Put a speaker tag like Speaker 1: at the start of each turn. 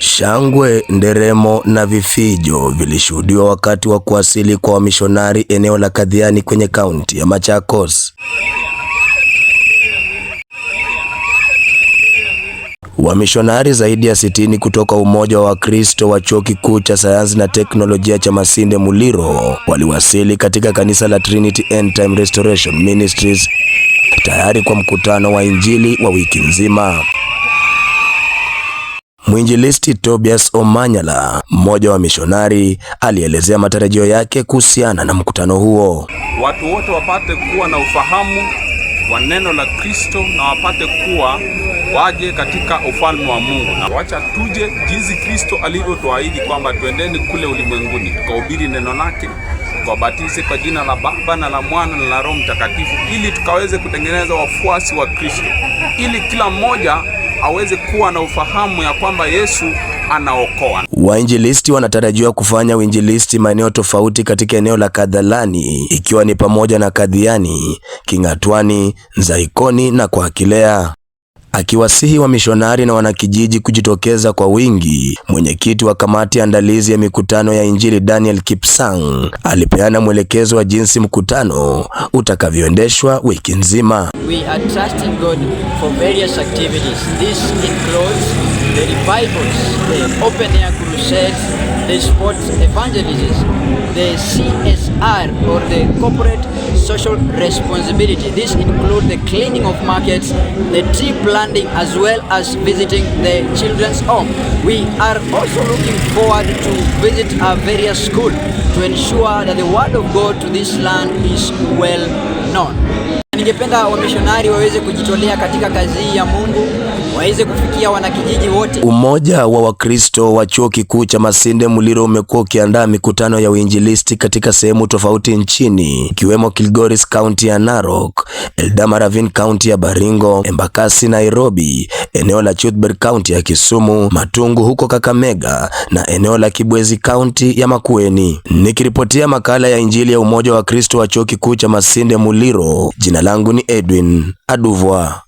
Speaker 1: Shangwe, nderemo na vifijo vilishuhudiwa wakati wa kuwasili kwa wamishonari eneo la Kadhiani kwenye kaunti ya Machakos. Wamishonari zaidi ya sitini kutoka Umoja wa Wakristo wa Chuo Kikuu cha Sayansi na Teknolojia cha Masinde Muliro waliwasili katika kanisa la Trinity End Time Restoration Ministries tayari kwa mkutano wa Injili wa wiki nzima. Mwinjilisti Tobias Omanyala, mmoja wa mishonari, alielezea matarajio yake kuhusiana na mkutano huo.
Speaker 2: Watu wote wapate kuwa na ufahamu wa neno la Kristo na wapate kuwa waje katika ufalme wa Mungu, na wacha tuje jinsi Kristo alivyotuahidi kwamba tuendeni kule ulimwenguni tukahubiri neno lake, tukawabatize kwa jina la Baba na la Mwana na la Roho Mtakatifu, ili tukaweze kutengeneza wafuasi wa Kristo, ili kila mmoja aweze kuwa na ufahamu ya kwamba Yesu anaokoa.
Speaker 1: Wainjilisti wanatarajiwa kufanya uinjilisti maeneo tofauti katika eneo la Kadhalani ikiwa ni pamoja na Kadhiani, Kingatwani, Nzaikoni na Kwakilea akiwasihi wamishonari na wanakijiji kujitokeza kwa wingi. Mwenyekiti wa kamati andalizi ya mikutano ya Injili Daniel Kipsang alipeana mwelekezo wa jinsi mkutano utakavyoendeshwa wiki nzima.
Speaker 3: We are trusting God for various activities. This includes the revivals, the open air crusades, the sports evangelism, the CSR or the corporate social responsibility. This includes the cleaning of markets, the tea planting funding as well as visiting the children's home. We are also looking forward to visit our various school to ensure that the word of God to this land is well known.
Speaker 4: Ningependa wamishonari waweze kujitolea katika kazi ya Mungu waweze kufikia wanakijiji wote.
Speaker 1: Umoja wa Wakristo wa Chuo Kikuu cha Masinde Muliro umekuwa ukiandaa mikutano ya uinjilisti katika sehemu tofauti nchini ikiwemo Kilgoris County ya Narok, Ravin County ya Baringo, Embakasi Nairobi, eneo la Chutber County ya Kisumu, Matungu huko Kakamega na eneo la Kibwezi County ya Makueni. Nikiripotia makala ya Injili ya Umoja wa Wakristo wa Chuo Kikuu cha Masinde Muliro, jina langu ni Edwin Aduvwa.